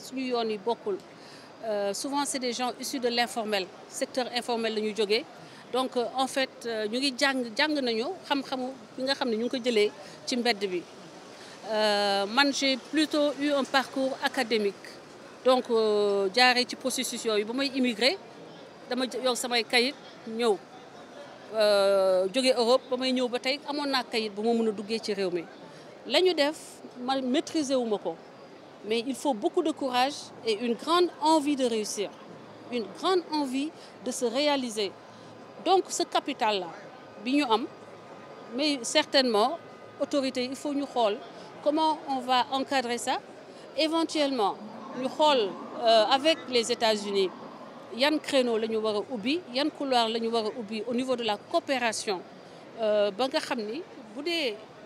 suñu yoon yi bokkul euh, souvent c'est des gens issus de l'informel secteur informel la ñu jógee donc euh, en fait euh, ñu ngi jàng jàng nañu xam-xamu bi nga xam ne ñu ngi ko jëlee ci mbedd bi man j'ai plutôt eu un parcours académique donc jaaree ci processus yooyu ba may immigré dama yor samay kayit ñëw jóge Europe ba may ñëw ba tey amoon naa kayit bu ma mën a duggee ci réew mi la ñu def ma maîtriser wu ma ko mais il faut beaucoup de courage et une grande envie de réussir, une grande envie de se réaliser. Donc ce capital-là, mais certainement, autorité, il faut nous voir comment on va encadrer ça. Éventuellement, nous euh, voir avec les États-Unis, il y a un créneau, il y a un couloir au niveau de la coopération. Euh, si nous savons,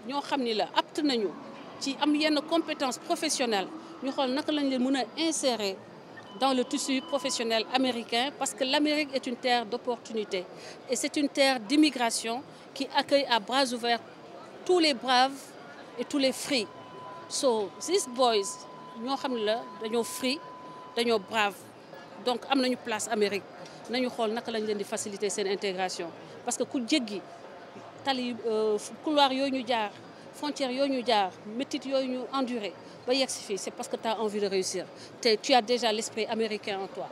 nous savons, nous ci am yenn compétence professionnelle ñu xool naka lañ leen mën a insérer dans le tissu professionnel américain parce que l'Amérique est une terre d'opportunités et c'est une terre d'immigration qui accueille à bras ouverts tous les braves et tous les free so these boys ñoo xam ne la dañoo free dañoo brave donc am nañu place Amérique nañu xool naka lañ leen di facilité seen intégration parce que ku jéggi tali euh, couloir yooyu ñu jaar frontières yooyu ñu jaar métit yooyu ñu enduré ba yegg si fii c'est parce que tu as envie de réussir te tu as déjà l'esprit américain en toi